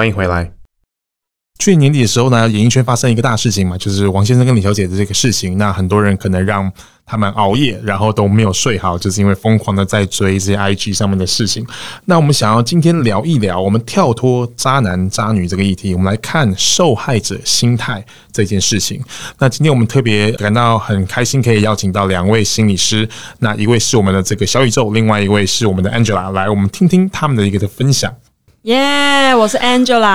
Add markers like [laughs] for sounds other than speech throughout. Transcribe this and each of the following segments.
歡迎回來。去年年底的時候呢，演藝圈發生一個大事情嘛，就是王先生跟李小姐的這個事情。那很多人可能讓他們熬夜，然後都沒有睡好，就是因為瘋狂的在追這些 IG 上面的事情。那我們想要今天聊一聊，我們跳脫渣男渣女這個議題，我們來看受害者心態這件事情。那今天我們特別感到很開心，可以邀請到兩位心理師，那一位是我們的這個小宇宙，另外一位是我們的 Angela。來，我們聽聽他們的一個的分享。耶、yeah，我是 Angela。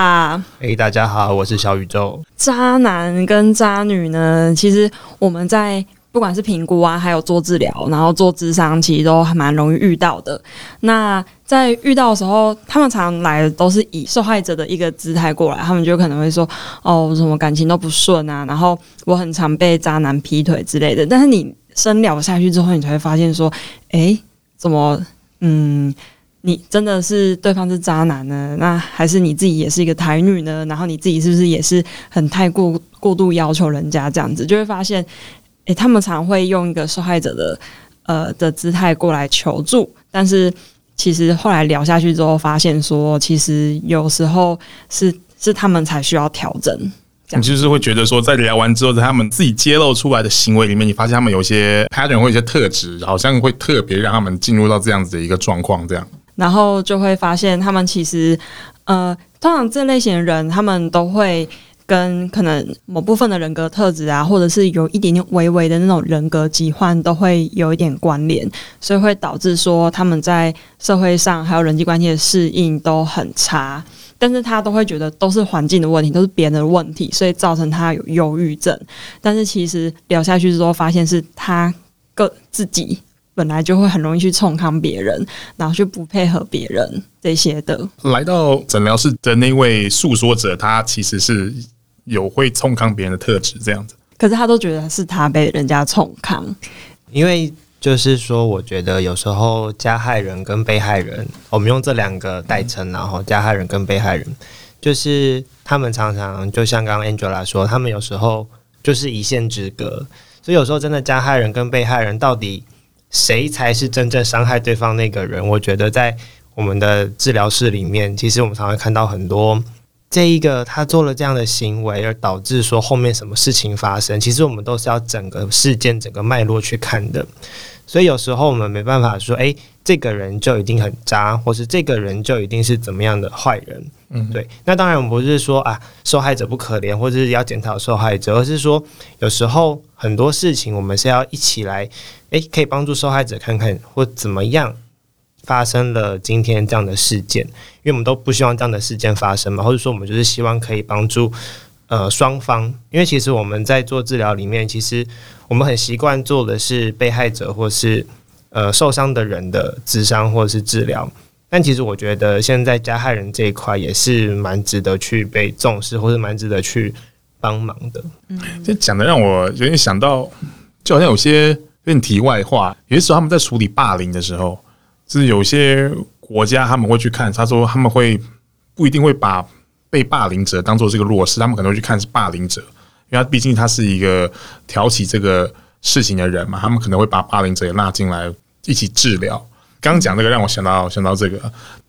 哎、hey，大家好，我是小宇宙。渣男跟渣女呢，其實我們在不管是評估啊，還有做治療，然後做諮商，其實都還蠻容易遇到的。那在遇到的時候，他們常來的都是以受害者的一個姿態過來，他們就可能會說：“哦，什麼感情都不順啊，然後我很常被渣男劈腿之類的。”但是你深聊下去之後，你才會發現說：“哎，怎麼，嗯？”你真的是對方是渣男呢？那還是你自己也是一個台女呢？然後你自己是不是也是很太過過度要求人家這樣子？就會發現，誒、欸，他們常會用一個受害者的呃的姿態過來求助，但是其實後來聊下去之後，發現說，其實有時候是是他們才需要調整。你就是會覺得說，在聊完之後，在他們自己揭露出來的行為裡面，你發現他們有一些 pattern 或有一些特質，好像會特別讓他們進入到這樣子的一個狀況，這樣。然後就會發現，他們其實，呃，通常這類型的人，他們都會跟可能某部分的人格特質啊，或者是有一點點微微的那種人格疾患，都會有一點關聯，所以會導致說他們在社會上還有人際關係的適應都很差。但是他都會覺得都是環境的問題，都是別人的問題，所以造成他有憂鬱症。但是其實聊下去之後，發現是他個自己。本來就會很容易去沖康別人，然後就不配合別人這些的。來到診療室的那位訴說者，他其實是有會沖康別人的特質這樣子。可是他都覺得是他被人家沖康，因為就是說，我覺得有時候加害人跟被害人，我們用這兩個代稱，然後加害人跟被害人，就是他們常常就像剛剛 Angela 說，他們有時候就是一線之隔，所以有時候真的加害人跟被害人到底，誰才是真正傷害對方那個人？我覺得在我們的治療室裡面，其實我們常常看到很多，這一個他做了這樣的行為，而導致說後面什麼事情發生，其實我們都是要整個事件、整個脈絡去看的。所以有時候我們沒辦法說，誒，這個人就一定很渣，或是這個人就一定是怎麼樣的壞人，嗯，對。那當然我們不是說啊，受害者不可憐，或者是要檢討受害者，而是說有時候很多事情我們是要一起來，誒，可以幫助受害者看看或怎麼樣發生了今天這樣的事件，因為我們都不希望這樣的事件發生嘛，或者說我們就是希望可以幫助。呃，雙方，因為其實我們在做治療裡面，其實我們很習慣做的是被害者或是呃受傷的人的諮商、或是治療，但其實我覺得現在加害人這一塊也是蠻值得去被重視，或是蠻值得去幫忙的。嗯，這講的讓我有點想到，就好像有些題外話，有些時候他們在處理霸凌的時候，就是有些國家他們會去看，他說他們會不一定會把。被霸凌者當做是一個弱勢，他們可能會去看是霸凌者，因為他畢竟他是一個挑起這個事情的人嘛，他們可能會把霸凌者也拉進來一起治療。剛剛講那個讓我想到想到這個，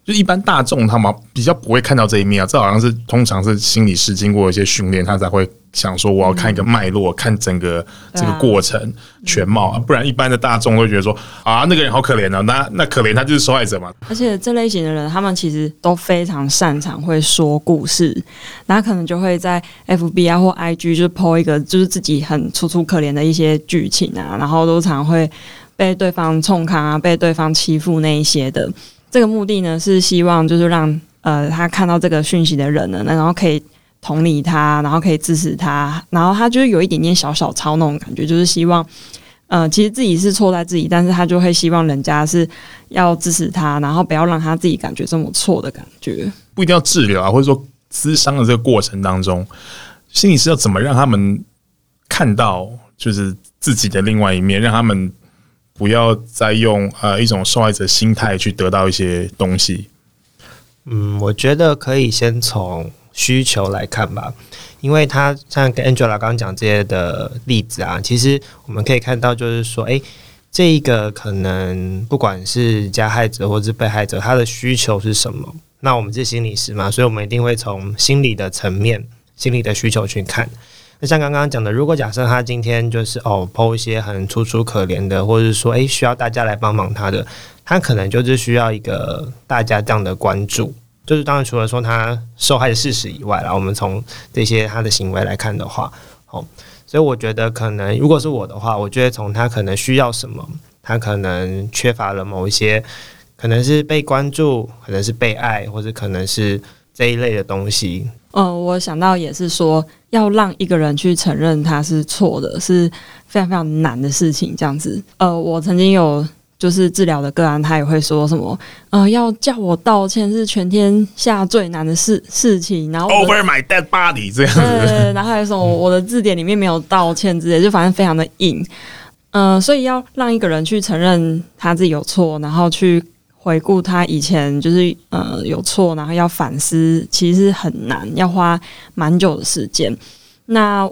就一般大眾他們比較不會看到這一面，這好像是，通常是心理師經過一些訓練他才會。想說，我要看一個脈絡，嗯，看整個這個過程全貌，啊嗯，不然一般的大眾會覺得說啊，那個人好可憐啊，那那可憐他就是受害者嘛。而且這類型的人，他們其實都非常擅長會說故事，那可能就會在 F B I 或 I G 就 po 一個，就是自己很楚楚可憐的一些劇情啊，然後都常會被對方衝康啊，被對方欺負那一些的。這個目的呢，是希望就是讓呃他看到這個訊息的人呢，那然後可以，同理他，然後可以支持他，然後他就是有一點點小小操那種感覺，就是希望，嗯、呃，其實自己是錯在自己，但是他就會希望人家是要支持他，然後不要讓他自己感覺這麼錯的感覺。不一定要治療啊，或者說諮商的這個過程當中，心理師要怎麼讓他們看到就是自己的另外一面，讓他們不要再用呃一種受害者心態去得到一些東西。嗯，我覺得可以先從。需求來看吧，因為他像跟 Angela 剛剛講這些的例子啊，其實我們可以看到，就是說，誒、欸，這一個可能不管是加害者或是被害者，他的需求是什麼？那我們是心理師嘛，所以我們一定會從心理的層面、心理的需求去看。那像剛剛講的，如果假設他今天就是哦，po 一些很楚楚可憐的，或者是說，誒、欸，需要大家來幫忙他的，他可能就是需要一個大家這樣的關注。就是當然，除了說他受害的事實以外了，我們從這些他的行為來看的話，哦，所以我覺得可能如果是我的話，我覺得從他可能需要什麼，他可能缺乏了某一些，可能是被關注，可能是被愛，或者可能是這一類的東西。嗯、呃，我想到也是說，要讓一個人去承認他是錯的，是非常非常難的事情。這樣子，呃，我曾經有。就是治療的個案，他也會說什麼，呃，要叫我道歉是全天下最難的事事情。然後我，Over my dead body 這樣子。對，然後還有什麼「我的字典裡面沒有道歉」之類，就反正非常的硬。嗯、呃，所以要讓一個人去承認他自己有錯，然後去回顧他以前就是呃有錯，然後要反思，其實很難，要花蠻久的時間。那。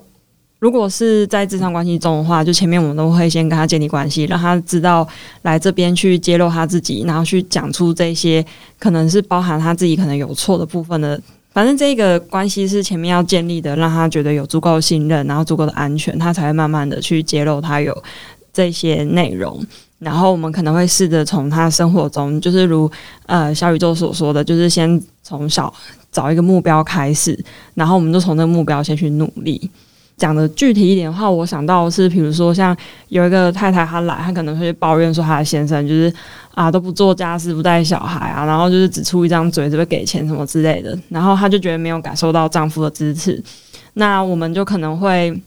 如果是在諮商關係中的話，就前面我們都會先跟他建立關係，讓他知道來這邊去揭露他自己，然後去講出這些可能是包含他自己可能有錯的部分的。反正這個關係是前面要建立的，讓他覺得有足夠的信任，然後足夠的安全，他才會慢慢的去揭露他有這些內容。然後我們可能會試着從他生活中，就是如呃小宇宙所說的，就是先從小找一個目標開始，然後我們就從這個目標先去努力。講的具體一點的話，我想到的是，比如說像有一個太太，她來她可能會抱怨說她的先生就是啊都不做家事，不帶小孩啊，然後就是只出一張嘴就會給錢什麼之類的，然後她就覺得沒有感受到丈夫的支持。那我們就可能會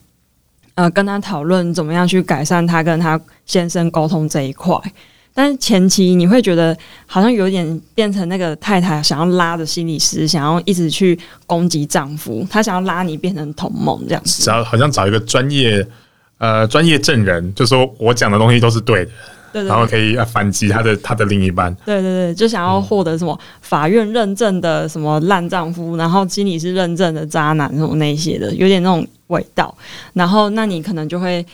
呃跟她討論怎麼樣去改善她跟她先生溝通這一塊。但是前期你會覺得好像有點變成那個太太，想要拉着心理師，想要一直去攻擊丈夫，他想要拉你變成同盟這樣子，只要好像找一個專業呃專業證人，就說我講的東西都是對的，然後可以反擊他的她的另一半，對對對，就想要獲得什麼法院認證的什麼爛丈夫，嗯、然後心理師認證的渣男那種那些的，有點那種味道，然後那你可能就會。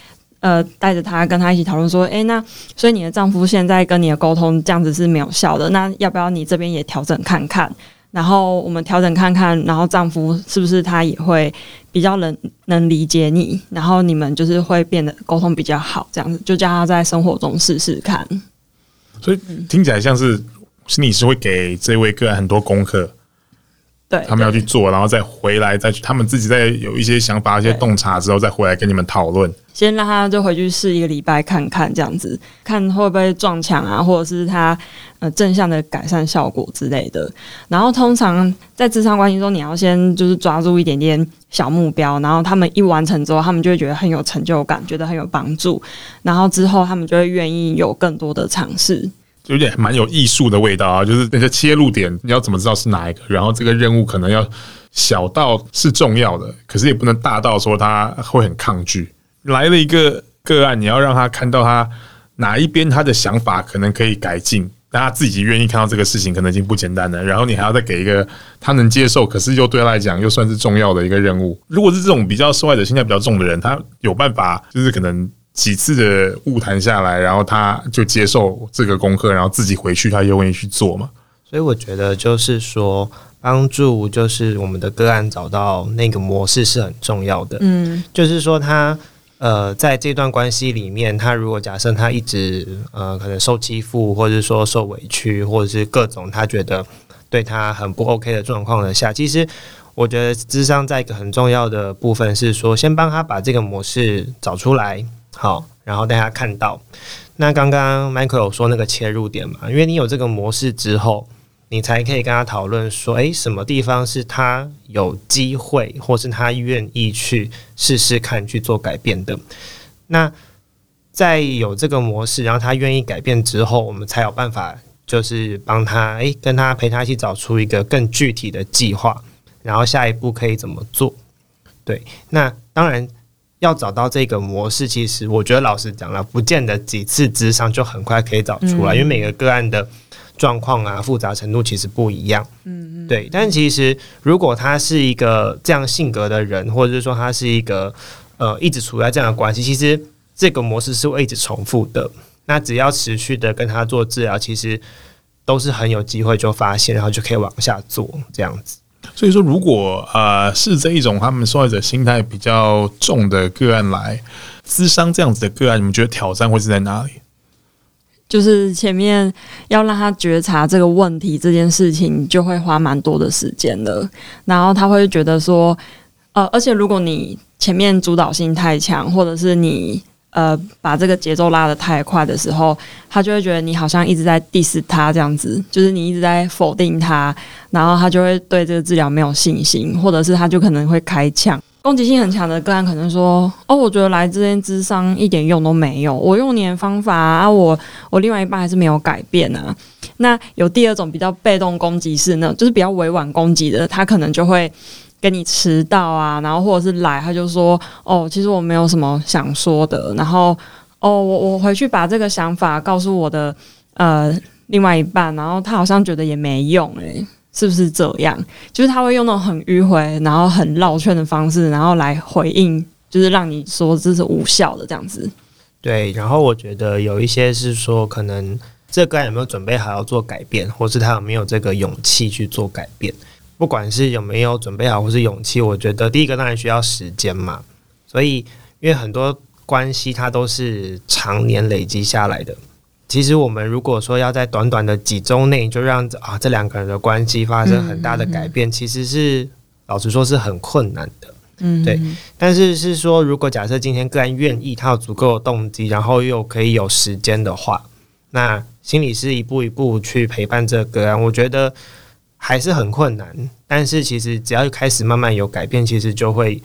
呃，帶着他跟他一起討論說，哎、欸，那所以你的丈夫現在跟你的溝通這樣子是沒有效的，那要不要你這邊也調整看看？然後我們調整看看，然後丈夫是不是他也會比較能能理解你？然後你們就是會變得溝通比較好，這樣子就叫他在生活中試試看。所以聽起來像是你是會給這位個案很多功課。對，對他們要去做，然後再回來，再去他們自己再有一些想法、一些洞察之後，再回來跟你們討論。先讓他就回去試一個禮拜看看，這樣子看會不會撞牆啊，或者是他呃正向的改善效果之類的。然後通常在諮商關係中，你要先就是抓住一點點小目標，然後他們一完成之後，他們就會覺得很有成就感，覺得很有幫助，然後之後他們就會願意有更多的嘗試。有點蠻有藝術的味道啊，就是那些切入點，你要怎麼知道是哪一個？然後這個任務可能要小到是重要的，可是也不能大到說他會很抗拒。來了一個個案，你要讓他看到他哪一邊他的想法可能可以改進，但他自己願意看到這個事情，可能已經不簡單了。然後你還要再給一個他能接受，可是又對他來講又算是重要的一個任務。如果是這種比較受害者心態比較重的人，他有辦法，就是可能。幾次的晤談下來，然後他就接受這個功課，然後自己回去，就他願意去做嘛？所以我覺得就是說，幫助就是我們的個案找到那個模式是很重要的。嗯，就是說他呃，在這段關係裡面，他如果假設他一直呃可能受欺負，或者是說受委屈，或者是各種他覺得對他很不 OK 的狀況的下，其實我覺得諮商在一個很重要的部分是說，先幫他把這個模式找出來。好，然後大家看到，那剛剛 Michael 有說那個切入點嘛，因為你有這個模式之後，你才可以跟他討論說誒，什麼地方是他有機會，或是他願意去試試看去做改變的。那在有這個模式，然後他願意改變之後，我們才有辦法，就是幫他，誒，跟他陪他去找出一個更具體的計劃，然後下一步可以怎麼做，對，那當然。要找到這個模式，其實我覺得老實講了，不見得幾次諮商，就很快可以找出來，嗯嗯，因為每個個案的狀況啊、複雜程度其實不一樣。嗯嗯，對。但其實如果他是一個這樣性格的人，或者是說他是一個呃一直處在這樣的關係，其實這個模式是會一直重複的。那只要持續的跟他做治療，其實都是很有機會就發現，然後就可以往下做這樣子。所以說，如果啊、呃、是這一種他們受害者心態比較重的個案來諮商這樣子的個案，你們覺得挑戰會是在哪裡？就是前面要讓他覺察這個問題這件事情，就會花蠻多的時間的。然後他會覺得說，呃，而且如果你前面主導性太強，或者是你。呃，把這個節奏拉得太快的時候，他就會覺得你好像一直在 diss 他這樣子，就是你一直在否定他，然後他就會對這個治療沒有信心，或者是他就可能會開嗆，攻擊性很強的個案可能說，哦，我覺得來這邊諮商一點用都沒有，我用你的方法啊，啊我，我我另外一半還是沒有改變啊。那有第二種比較被動攻擊式呢，就是比較委婉攻擊的，他可能就會，跟你遲到啊，然後或者是來，他就說哦，其實我沒有什麼想說的。然後哦，我我回去把這個想法告訴我的呃另外一半，然後他好像覺得也沒用誒、欸，是不是這樣？就是他會用那種很迂回，然後很繞圈的方式，然後來回應，就是讓你說這是無效的這樣子。對，然後我覺得有一些是說可能這個人有沒有準備好要做改變，或是他有沒有這個勇氣去做改變。不管是有沒有準備好或是勇氣，我覺得第一個當然需要時間嘛。所以，因為很多關係它都是常年累積下來的。其實，我們如果說要在短短的幾周內就讓啊這兩個人的關係發生很大的改變，嗯嗯嗯其實是老實說是很困難的。嗯，嗯，嗯，對。但是是說，如果假設今天個人願意，他有足夠的動機，然後又可以有時間的話，那心理師一步一步去陪伴這個案，我覺得。還是很困難，但是其實只要一開始慢慢有改變，其實就會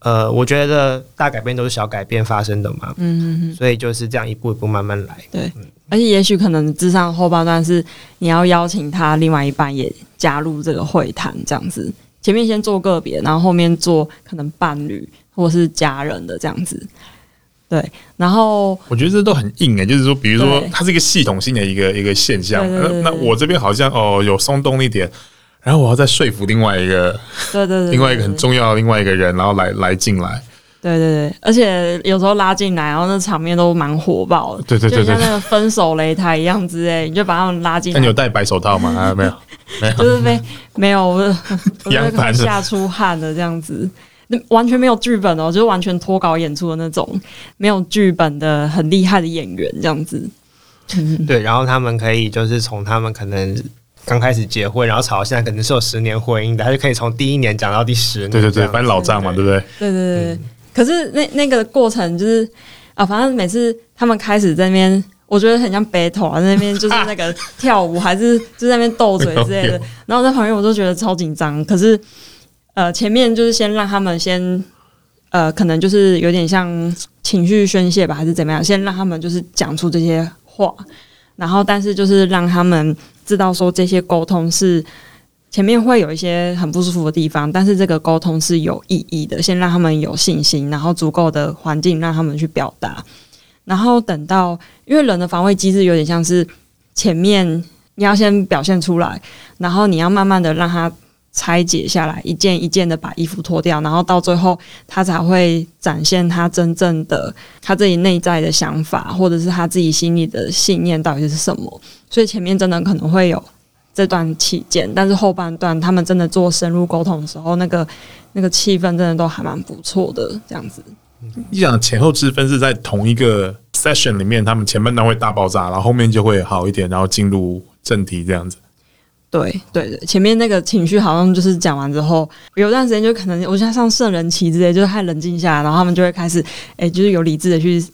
呃，我覺得大改變都是小改變發生的嘛，嗯哼哼，所以就是這樣一步一步慢慢來。對，嗯、而且也許可能諮商後半段是你要邀請他另外一半也加入這個會談這樣子，前面先做個別，然後後面做可能伴侶或是家人的這樣子。對，然後我覺得這都很硬哎、欸，就是說，比如說對對對，它是一個系統性的一個一個現象，對對對對、呃。那我這邊好像哦，有鬆動一點，然後我要再說服另外一個，對對對，對，對，另外一個很重要的另外一個人，然後來來進來。對對對，而且有時候拉進來，然後那場面都蠻火爆的。對對對，對，對，就像那個分手擂台一樣之類，你就把他們拉進來。那你有戴白手套嗎？ [laughs] 啊，沒有，沒有，就是沒 [laughs] 沒有，我就我就嚇出汗了這樣子。那完全沒有劇本哦，就是完全脫稿演出的那種，沒有劇本的很厲害的演員這樣子。 [laughs] 對，然後他們可以就是從他們可能剛開始結婚，然後吵到現在，可能是有十年婚姻的，他就可以從第一年講到第十年。對對對，翻老賬嘛，對不對？對對對，對，嗯。可是那那個的過程就是啊，反正每次他們開始在那邊，我覺得很像 battle 啊，在那邊就是那個跳舞 [laughs] 還是就在那邊鬥嘴之類的， [laughs] 然後我在旁邊我都覺得超緊張，可是。呃，前面就是先讓他們先，呃，可能就是有點像情緒宣洩吧，還是怎麼樣？先讓他們就是講出這些話，然後但是就是讓他們知道說，這些溝通是前面會有一些很不舒服的地方，但是這個溝通是有意義的。先讓他們有信心，然後足夠的環境讓他們去表達，然後等到，因為人的防衛機制有點像是前面你要先表現出來，然後你要慢慢的讓他。拆解下來，一件一件的把衣服脫掉，然後到最後，他才會展現他真正的他自己內在的想法，或者是他自己心裡的信念到底是什麼？所以前面真的可能會有這段期間，但是後半段他們真的做深入溝通的時候，那個那個氣氛真的都還蠻不錯的，這樣子。你講前後之分是在同一個 session 裡面，他們前半段會大爆炸，然後後面就會好一點，然後進入正題這樣子。對對，前面那個情緒好像就是講完之後，有段時間就可能，我覺得像聖人期之類，就是太冷靜下來，然後他們就會開始，哎、欸，就是有理智的去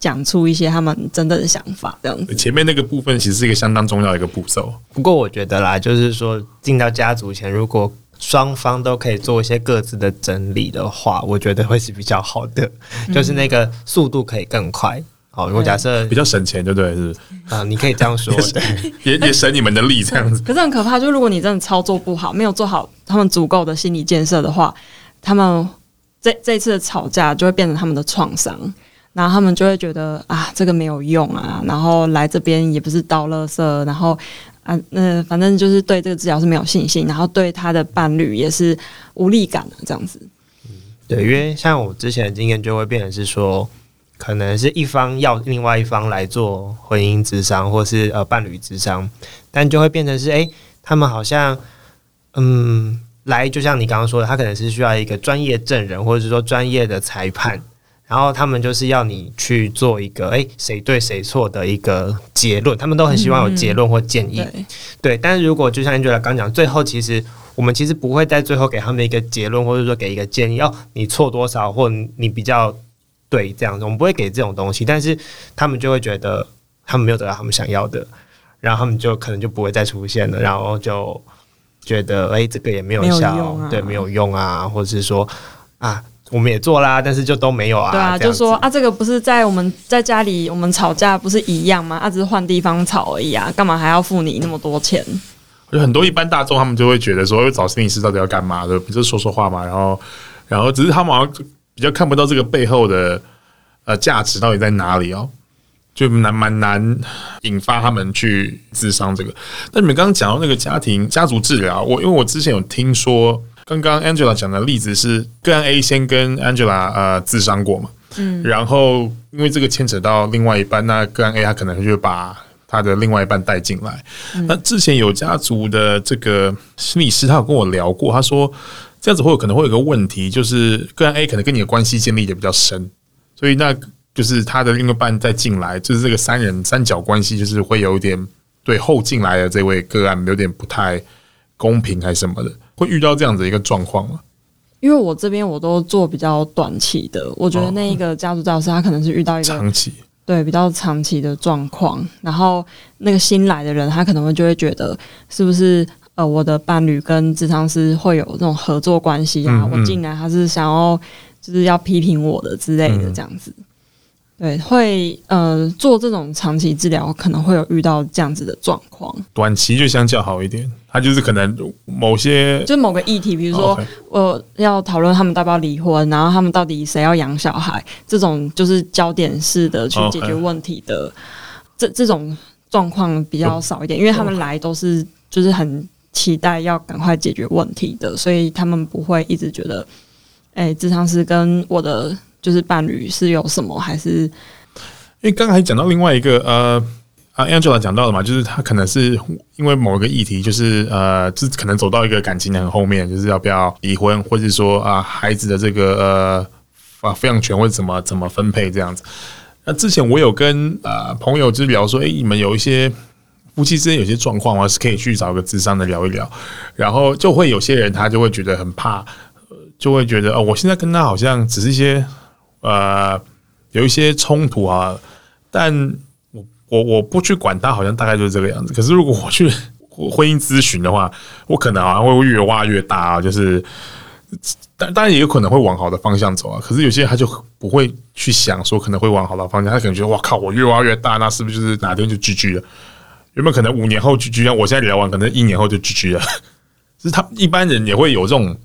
講出一些他們真正的想法，這樣。前面那個部分其實是一個相當重要的一個步驟，不過我覺得啦，就是說進到家族前，如果雙方都可以做一些各自的整理的話，我覺得會是比較好的，嗯、就是那個速度可以更快。好、哦，如果假設比較省錢就對了是不是，對不對？是啊，你可以這樣說，對 [laughs] 也也省你們的力這樣子。 [laughs] 可是很可怕，就如果你真的操作不好，沒有做好他們足夠的心理建設的話，他們這這一次的吵架就會變成他們的創傷，然後他們就會覺得啊，這個沒有用啊，然後來這邊也不是倒垃圾，然後啊，那、呃、反正就是對這個治療是沒有信心，然後對他的伴侶也是無力感、啊、這樣子。對，因為像我之前的經驗就會變成是說。可能是一方要另外一方來做婚姻諮商，或是呃伴侶諮商，但就會變成是誒、欸，他們好像嗯來，就像你剛剛說的，他可能是需要一個專業證人，或者是說專業的裁判，嗯、然後他們就是要你去做一個誒誰、欸、對誰錯的一個結論，他們都很希望有結論或建議嗯嗯對。對，但是如果就像 Angela 剛講，最後其實我們其實不會在最後給他們一個結論，或者說給一個建議，哦，你錯多少，或你比較。對，這樣子我們不會給這種東西，但是他們就會覺得他們沒有得到他們想要的，然後他們就可能就不會再出現了，嗯、然後就覺得誒、欸，這個也沒有效沒有用、啊，對，沒有用啊，或者是說啊，我們也做啦，但是就都沒有啊，對啊，就說啊，這個不是在我們在家裡我們吵架不是一樣嗎？啊，只是換地方吵而已啊，幹嘛還要付你那麼多錢？有、嗯、很多一般大眾他們就會覺得說，找心理師到底要幹嘛的？對，不是說說話嘛，然後然後只是他們好像。比較看不到這個背後的呃價值到底在哪裡哦，就蠻難，蠻難引發他們去諮商這個。那你們剛剛講到那個家庭家族治療，我因為我之前有聽說，剛剛 Angela 講的例子是個案 A 先跟 Angela 呃諮商過嘛，嗯，然後因為這個牽扯到另外一半，那個案 A 他可能就把。他的另外一半帶進來、嗯，那之前有家族的這個心理師，他有跟我聊過，他說這樣子會有可能會有個問題，就是個案 A、欸、可能跟你的關係建立的比較深，所以那就是他的另一半再進來，就是這個三人三角關係，就是會有一點對後進來的這位個案有點不太公平還是什麼的，會遇到這樣子一個狀況嗎？因為我這邊我都做比較短期的，我覺得那一個家族教師他可能是遇到一個、嗯、長期。對，比較長期的狀況，然後那個新來的人，他可能就會覺得，是不是呃，我的伴侶跟諮商師會有這種合作關係啊？嗯嗯我進來他是想要，就是要批評我的之類的，這樣子。嗯、對，會呃做這種長期治療，可能會有遇到這樣子的狀況。短期就相較好一點。就是可能某些，就是某個議題，比如說我要討論他們要不要離婚，oh, okay. 然後他們到底誰要養小孩，這種就是焦點式的去解決問題的，oh, okay. 這這種狀況比較少一點，因為他們來都是就是很期待要趕快解決問題的，所以他們不會一直覺得，哎，諮商師跟我的就是伴侶是有什麼，還是因為剛才講到另外一個呃。啊，Angela 講到了嘛，就是他可能是因為某一個議題，就是呃，就是呃，是可能走到一個感情很後面，就是要不要離婚，或者說啊、呃，孩子的這個呃啊撫養權會怎麼怎麼分配這樣子。那之前我有跟呃朋友就聊說，哎、欸，你們有一些夫妻之間有些狀況，我是可以去找個諮商的聊一聊，然後就會有些人他就會覺得很怕，就會覺得哦，我現在跟他好像只是一些呃有一些衝突啊，但，我我不去管他，好像大概就是這個樣子。可是如果我去我婚姻諮詢的話，我可能好像會越挖越大啊。就是，但當然也有可能會往好的方向走啊。可是有些人他就不會去想說可能會往好的方向，他可能覺得哇靠，我越挖越大，那是不是就是哪天就 GG 了？原本可能五年後 GG？像我現在聊完，可能一年後就 GG 了呵呵？就是他一般人也會有這種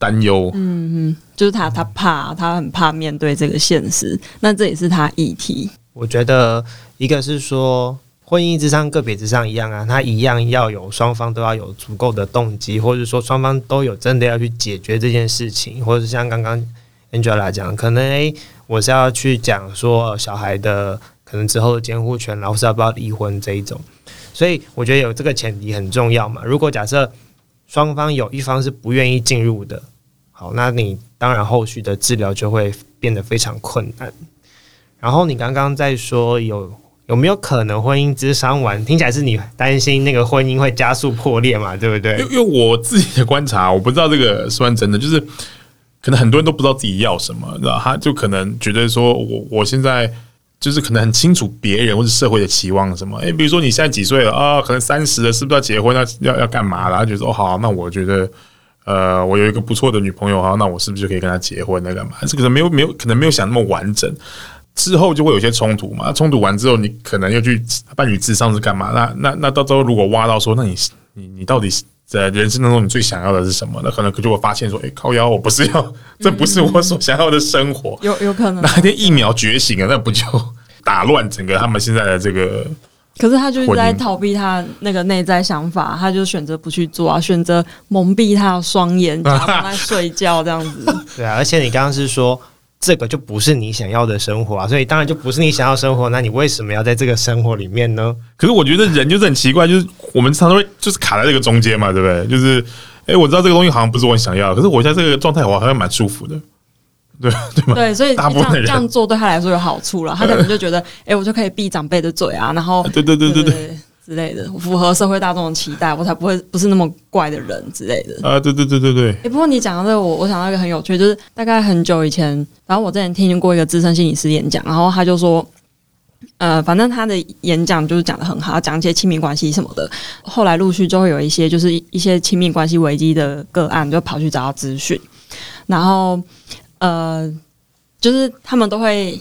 擔憂，嗯嗯，就是他他怕，他很怕面對這個現實。那這也是他議題。我覺得，一個是說婚姻諮商、個別諮商一樣啊，它一樣要有雙方都要有足夠的動機，或者說雙方都有真的要去解決這件事情，或者是像剛剛 Angela 講，可能、欸、我是要去講說小孩的可能之後的監護權，然後是要不要離婚這一種。所以我覺得有這個前提很重要嘛。如果假設雙方有一方是不願意進入的，好，那你當然後續的治療就會變得非常困難。然後你剛剛在說，有有沒有可能婚姻諮商完？聽起來是你擔心那個婚姻會加速破裂嘛？對不對？因為我自己的觀察，我不知道這個算真的，就是可能很多人都不知道自己要什麼，然後他就可能覺得說我，我我現在就是可能很清楚別人或者社會的期望什麼？誒，比如說你現在幾歲了啊、哦？可能三十了，是不是要結婚要要要幹嘛了？他覺得說哦好，那我覺得呃，我有一個不錯的女朋友啊，那我是不是就可以跟她結婚？那幹嘛？這個沒有沒有可能沒有想那麼完整。之後就會有些衝突嘛，衝突完之後，你可能又去伴侶諮商是幹嘛？那那那到時候如果挖到說，那你你你到底在人生當中你最想要的是什麼？那可能就會發現說，哎、欸，靠腰，我不是要、嗯，這不是我所想要的生活，有有可能、啊、哪天一秒覺醒啊，那不就打亂整個他們現在的這個？可是他就是在逃避他那個內在想法，他就選擇不去做啊，選擇蒙蔽他的雙眼，躺在睡覺這樣子。 [laughs] 對啊，而且你剛剛是說。這個就不是你想要的生活啊，所以當然就不是你想要生活。那你為什麼要在這個生活裡面呢？可是我覺得人就是很奇怪，就是我們常常會就是卡在這個中間嘛，對不對？就是誒、欸，我知道這個東西好像不是我想要，可是我現在這個狀態我好像蠻舒服的，對對吧？對，所以這樣大部分人這樣做對他來說有好處了，他可能就覺得誒、呃欸，我就可以閉長輩的嘴啊，然後對對對對對。對對對之類的，符合社會大眾的期待，我才不會不是那麼怪的人之類的。啊，對對對對對。哎、欸，不過你講到這個，我我想到一個很有趣，就是大概很久以前，然後我之前聽聽過一個資深心理師演講，然後他就說，呃，反正他的演講就是講得很好，講一些親密關係什麼的。後來陸續就會有一些就是一些親密關係危機的個案，就跑去找他諮詢，然後呃，就是他們都會。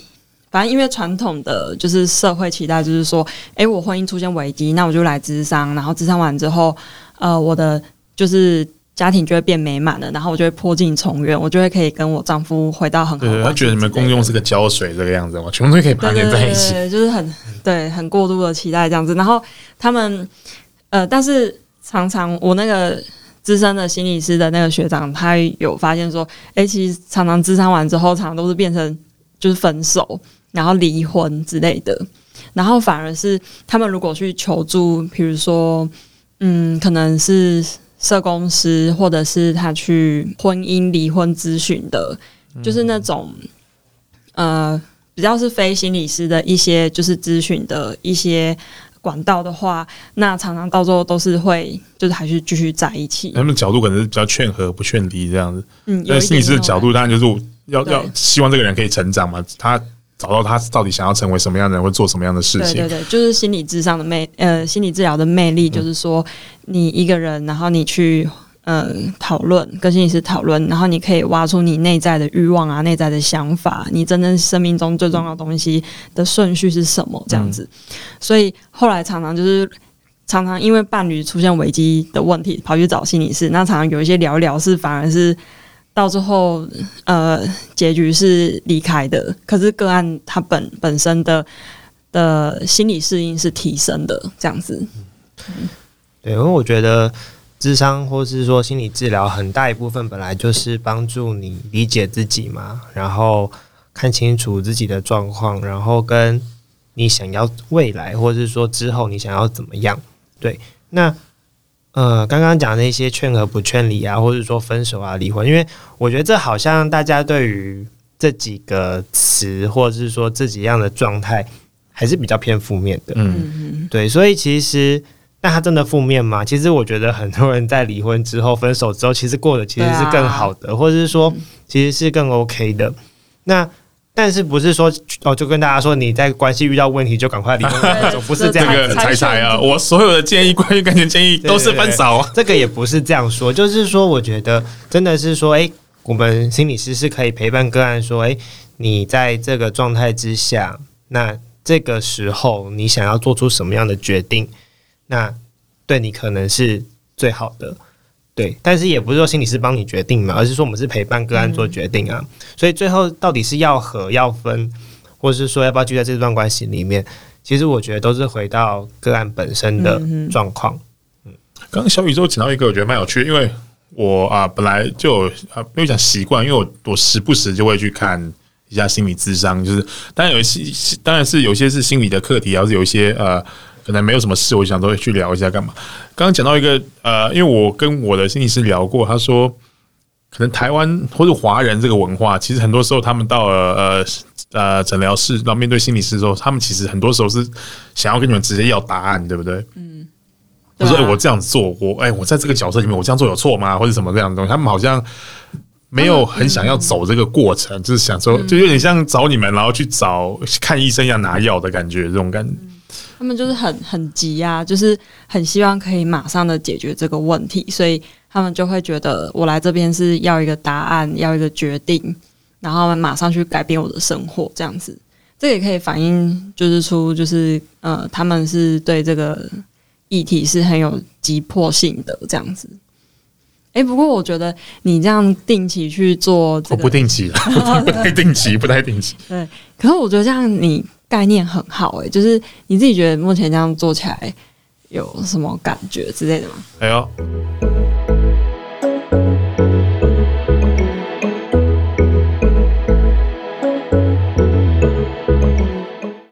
反正因為傳統的就是社會期待，就是說，哎、欸，我婚姻出現危機，那我就來諮商，然後諮商完之後，呃，我的就是家庭就會變美滿了，然後我就會破鏡重圓，我就會可以跟我丈夫回到很好的的。對，我覺得你們共用是個膠水這個樣子，我全部都可以綁在一起。對，對，對，對，對，就是很對，很過度的期待這樣子。然後他們呃，但是常常我那個資深的心理師的那個學長，他有發現說，哎、欸，其實常常諮商完之後，常常都是變成就是分手。然後離婚之類的，然後反而是他們如果去求助，比如說，嗯，可能是社工師，或者是他去婚姻離婚諮詢的、嗯，就是那種，呃，比較是非心理師的一些就是諮詢的一些管道的話，那常常到最後都是會就是還是繼續在一起。他們的角度可能是比較勸和不勸離這樣子，嗯，那心理師的角度當然就是要要希望這個人可以成長嘛，他。找到他到底想要成為什麼樣的人，會做什麼樣的事情？對對對，就是心理智商的魅，呃，心理治療的魅力就是說，嗯，你一個人，然後你去，呃，討論跟心理師討論，然後你可以挖出你內在的慾望啊，內在的想法，你真正生命中最重要的東西的順序是什麼？這樣子，嗯，所以後來常常就是常常因為伴侶出現危機的問題，跑去找心理師，那常常有一些聊聊是反而是。到最後，呃，結局是離開的。可是個案它本本身的、的心理適應是提升的，這樣子。嗯、對，因為我覺得諮商或是說心理治療，很大一部分本來就是幫助你理解自己嘛，然後看清楚自己的狀況，然後跟你想要未來或是說之後你想要怎麼樣。對，那。呃，剛剛講那些勸和不勸離啊，或者說分手啊、離婚，因為我覺得這好像大家對於這幾個詞，或者是說這幾樣的狀態，還是比較偏負面的。嗯，對，所以其實那他真的負面嗎？其實我覺得很多人在離婚之後、分手之後，其實過得其實是更好的，啊、或者是說其實是更 OK 的。那但是不是說哦，就跟大家說你在關係遇到問題就趕快離婚，不是這樣。這個才才啊，我所有的建議，對對對對關於感情建議都是分手。這個也不是這樣說， [laughs] 就是說我覺得真的是說，哎、欸，我們心理師是可以陪伴個案說，哎、欸，你在這個狀態之下，那這個時候你想要做出什麼樣的決定，那對你可能是最好的。對，但是也不是說心理師幫你決定嘛，而是說我們是陪伴個案做決定啊。嗯、所以最後到底是要合要分，或是說要不要就在這段關係裡面，其實我覺得都是回到個案本身的狀況。嗯，剛、嗯、剛小宇宙講到一個我覺得蠻有趣的，因為我啊、呃、本來就啊因為講習慣，因為我我時不時就會去看一下心理諮商，就是當然有些當然是有些是心理的課題，還是有一些呃。可能沒有什麼事，我想都會去聊一下，幹嘛？剛剛講到一個呃，因為我跟我的心理師聊過，他說，可能台灣或者華人這個文化，其實很多時候他們到了呃呃診療室，然後面對心理師的時候，他們其實很多時候是想要跟你們直接要答案，對不對？嗯。啊、他說：“哎、欸，我這樣做，我哎、欸，我在這個角色裡面，我這樣做有錯嗎？或者什麼這樣的東西。他們好像沒有很想要走這個過程，嗯嗯嗯、就是想說，就有點像找你們，然後去找去看醫生一樣拿藥的感覺、嗯，這種感覺。”他們就是很很急啊，就是很希望可以馬上的解決這個問題，所以他們就會覺得我來這邊是要一個答案，要一個決定，然後馬上去改變我的生活這樣子。這也可以反映，就是說，就是呃，他們是對這個議題是很有急迫性的這樣子。誒，不過我覺得你這樣定期去做，我不定期了， [laughs] 不太定期，不太定期。對，可是我覺得這樣你。概念很好哎、欸，就是你自己覺得目前這樣做起來有什麼感覺之類的嗎？哎呦